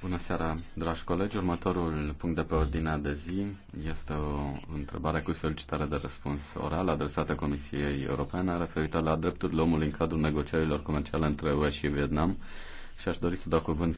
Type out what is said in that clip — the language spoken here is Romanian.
Bună seara, dragi colegi. Următorul punct de pe ordinea de zi este o întrebare cu solicitare de răspuns oral adresată Comisiei Europene referitor la drepturile omului în cadrul negocierilor comerciale între UE și Vietnam și aș dori să dau cuvânt